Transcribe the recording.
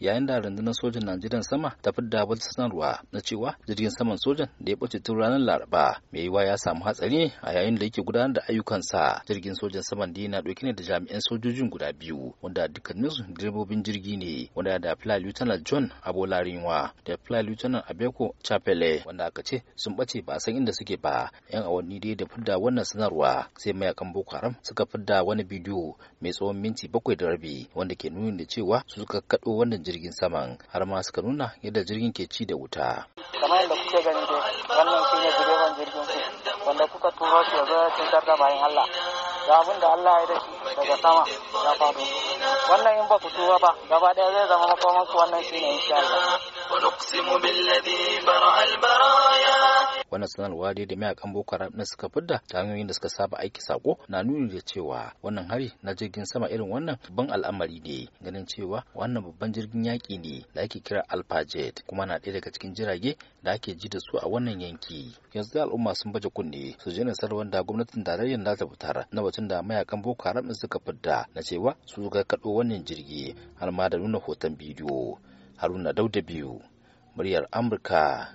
yayin da rundunar sojan Najeriya sama ta fidda wata sanarwa na cewa jirgin saman sojan da ya bace tun ranar Laraba mai yiwa ya samu hatsari ne a yayin da yake gudanar da ayyukansa jirgin sojan saman da yana dauke ne da jami'an sojojin guda biyu wanda dukkaninsu direbobin jirgi ne wanda da Fly Lieutenant John Abolarinwa da Fly Lieutenant Abeko Chapele wanda aka ce sun bace ba san inda suke ba yan awanni dai da fidda wannan sanarwa sai mayakan Boko Haram suka fidda wani bidiyo mai tsawon minti bakwai da rabi wanda ke nuni da cewa su suka kaɗo wannan jirgin saman har ma suka nuna yadda jirgin ke ci da wuta. Kamar yadda kuke gani dai wannan shi ne direban jirgin ku wanda kuka turo shi ya zo ya da bayan Allah. Ga abin da Allah ya da shi daga sama ya faɗo. Wannan in ba ku tura ba gaba ɗaya zai zama makomanku wannan shi ne insha Allah. ونقسم wannan sanarwa dai da mayakan boko haram din suka fidda ta hanyoyin da suka saba aiki sako na nuni da cewa wannan hari na jirgin sama irin wannan babban al'amari ne ganin cewa wannan babban jirgin yaƙi ne da ake kira alfajet kuma na ɗaya daga cikin jirage da ake ji da su a wannan yanki yanzu da al'umma sun baje kunne su jinin sarwan da gwamnatin tarayyar da ta fitar na batun da mayakan boko haram suka fidda na cewa su ga kaɗo wannan jirgi har ma da nuna hoton bidiyo haruna dauda biyu muryar amurka